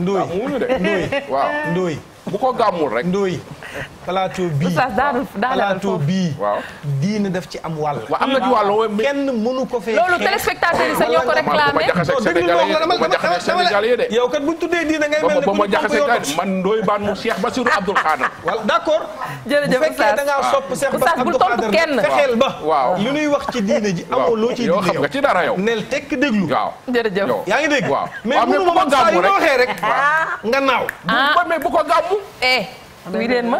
nduy waaw mu wuñu de nduy waaw nduy bu ko gàmmul rek nduy plateau bii plateau bii. waaw diine daf ci am wàll. waaw am na ci wàll kenn mënu ko fee. loolu téléspectateur yi sax ko réclamé. yow bu ma jaxase man Ndoye Bane mu Cheikh Bassirou Abdoul Khadre. voilà d'accord. jërëjëf Oustaz bu fekkee da ngaa sopp Cheikh Bassirou Abdoul Khadre kenn fexeel ba. waaw lu ñuy wax ci diine ji amoo loo ciy diine yow ci dara yow. nel tekk déglu. waaw jërëjëf yaa ngi dégg. waaw mais mënu ma man saa yu waxee rek ah. nga naaw. bu ko mais ah. bu ko gàmmu. Eh. wi leen ma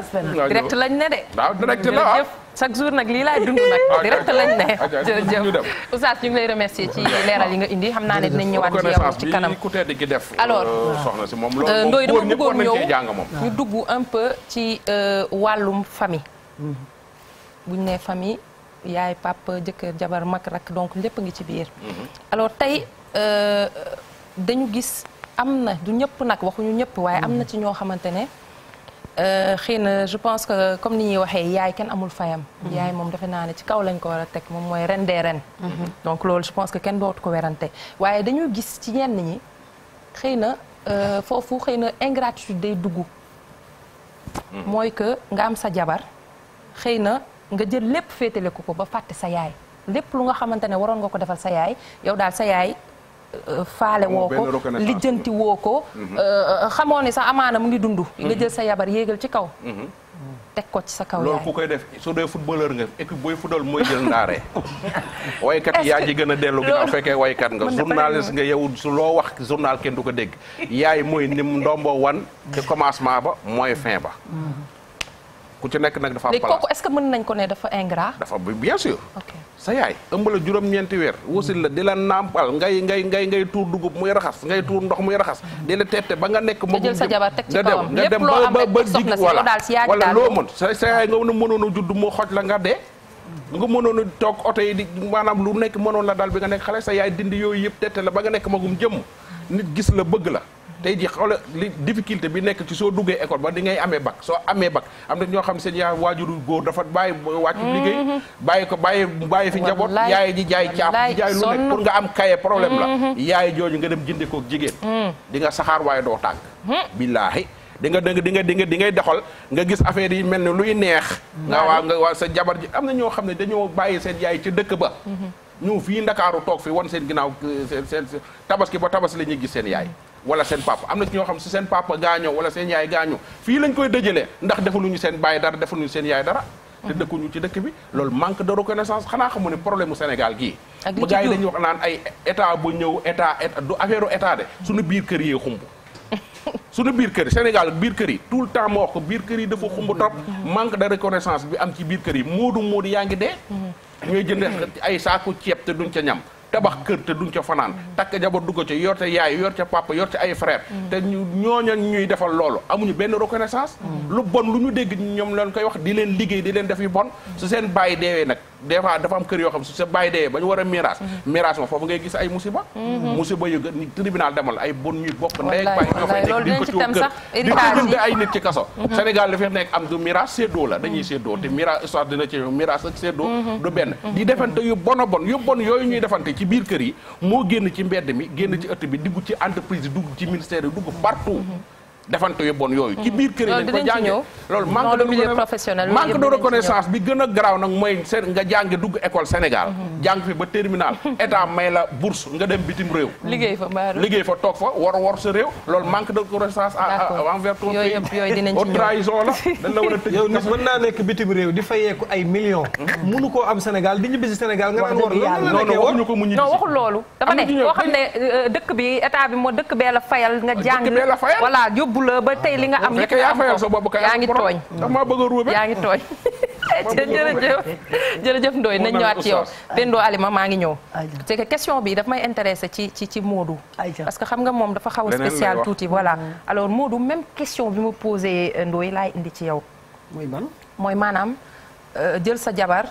direct lañ ne de. waaw direct la waaw ah. chaque jour nag lii laay dund nag ah, direct lañ ne. Ah, jërëjëf oustaz ñu ngi lay remercier ci leeral yi nga indi xam naa ne dinañ ñëwaat ci yow ci kanam. ku tedd gi def. alors euh, soxna si moom loolu euh, moom dama bëggoon ñëw ñu dugg un peu ci euh, wàllum famille. buñ ne famille yaay papa jëkkër jabar mag rak donc lépp ngi ci biir. Mhm. alors tey dañu gis am na du ñëpp nag waxuñu ñëpp waaye am na ci ñoo xamante ne. Euh, xëy na je pense que comme ni ñuy waxee yaay kenn amul fayam. Mhm. yaay moom defe naa ne ci kaw lañ ko war a teg moom mooy ren dee ren. Mhm. donc loolu je pense que kenn dootu ko werante waaye dañuy gis ci ñenn ñi xëy na euh, foofu xëy na ingratitude day dugg. Mhm. mooy que nga am sa jabar xëy na nga jël lépp féetale ko ko ba fàtte sa yaay lépp lu nga xamante ne waroon nga ko defal sa yaay yow daal sa yaay. faale woo ko lijjanti woo ko mhm. euh, xamoo ne sax amaana mu ngi dund mhm. nga jël sa yabar yéegal ci kaw mhm. teg ko ci sa kaw loolu ku koy def soo dee footballeur nga équipe booy football mooy jël ndaare waykat yaa ji gën a dellu ginnaaw fekkee waykat nga journaliste nga yow su loo wax journal kenn du ko dégg yaay mooy nim ndombo wan ci commencement ba mooy fin ba ku ci nekk nag dafa am place kooku est mën nañ ko ne dafa ingrat. dafa bien sûr. sa yaay ëmb la juróom-ñeenti weer. wusil la di la nàmpal ngay ngay ngay ngay tuur dugub muy raxas ngay tuur ndox muy raxas. di la tette ba nga nekk. nga jël sa jabar teg ci kawam nga dem ba ba ba jig wala wala loo mën sa sa yaay mënoon a judd mu la nga dee. nga mënoon a toog oto yi maanaam lu nekk mënoon la daal bi nga nekk xale sa yaay dindi yooyu yëpp tette la ba nga nekk magum jëmm nit gis la bëgg la tey ji xoola difficulté bi nekk ci soo duggee école ba di ngay amee bac soo amee bac am na ñoo xam seen yaa waajuru góor dafa bàyyi wàccu liggéey mm-hmm. bàyyi ko bàyyi bàyyi fi njaboot yaay ji jaay caaf ji jaay lu nekk pour nga am kaye la mm-hmm. yaay jooju nga dem jënde kook jigéen mm. di nga saxaar waaye doo tànk mm-hmm. billaahi di nga di nga di nga di ngay doxal nga gis affaire yi mel ni luy neex nga waa nga waa sa jabar ji am na ñoo xam ne dañoo bàyyi seen yaay ca dëkk ba ñëw fii ndakaaru toog fi wan seen ginnaaw euh, seen seen tabaski ba tabas la ñuy gis seen yaay wala seen papa am na ci ñoo xam si seen papa gaañoo wala seen yaay gaañoo fii lañ koy dëjalee ndax defaluñu seen baay dara defaluñu seen yaay dara te mhm. dëkkuñu ci dëkk bi loolu manque de reconnaissance xanaa xamu ne problème mu Sénégal gi ba gars yi dañuy wax naan ay état bu ñëw état du affaire état de suñu biir kër yee xumb suñu biir kër Sénégal biir kër yi tout le temps ma wax ko biir kër yi dafa xumb trop mhm. manque de reconnaissance bi am ci biir kër yi moodu moodu yaa ngi dee mhm. ñooy jënd ay saaku ceeb te duñ ca ñam tabax kër te duñ ca fanaan takk jabar du ko ca yor ca yaay yor ca papa yor ca ay frère te ñu ñooña ñuy defal loolu amuñu benn reconnaissance mm. lu bon lu ñu dégg ñoom lañ koy wax di leen liggéey di leen def yu bon su seen bàyyi deewee nag des fois dafa am kër yoo xam su sa bàyyi dee ba ñu war a miraas miraas ma foofu ngay gis ay musiba mhm. musiba yu gën tribunal demal ay bon ñuy bokk ndey ak bàyyi ñoo fay nekk di ko ci kër di ay nit ci kaso mhm. Sénégal dafay nekk am du miraas séddoo la dañuy séddoo te miraas histoire dina ci miraas ak séddoo mhm. du benn di defante yu bon a bon yu bon yooyu ñuy defante ci biir kër yi moo génn ci mbedd mi génn ci ëtt bi dugg ci entreprise dugg ci ministère yi dugg partout defante yu bon yooyu. ci ko de milieu professionnel manque de reconnaissance bi gën a garaaw nag mooy seen mhm. a tëj. yow nit mën naa nekk mhm. am Sénégal di ñibbi Sénégal nga naan war loolu. dafa ne koo xam ne euh, dëkk bi état bi moo dëkk bee la fayal nga jàng. voilà yóbbu la ba tey li nga am. yëpp yaa fayal yaa ngi tooñ. ndax maa bëgg yaa ngi tooñ. jërëjëf jërëjëf Ndoye nañ ñëwaat ci yow Pendo Alima maa ngi ñëw c'est question bi daf may intéresé ci ci ci Modou parce que xam nga moom dafa xaw a spécial tuuti voilà mm. alors Modou même question bi ma posé Ndoye laay indi ci yow mooy maanaam euh, jël sa jabar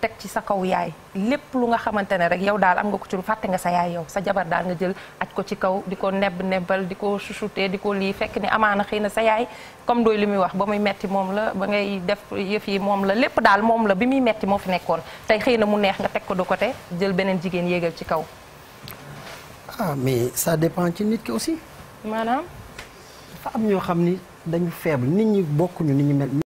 teg ci sa kaw yaay lépp lu nga xamante ne rek yow daal am nga ko ci lu fàtte nga sa yaay yow sa jabar daal nga jël aj ko ci kaw di ko nebb nebbal di ko chouchouté di ko lii fekk ni amaana xëy na sa yaay comme dooy li muy wax ba muy metti moom la ba ngay def yëf yi moom la lépp daal moom la bi muy metti moo fi nekkoon tey xëy na mu neex nga teg ko de côté jël beneen jigéen yéegal ci kaw ah mais ça dépend ci nit ki aussi maanaam dafa am ñoo xam ni dañu faible nit ñi bokkuñu nit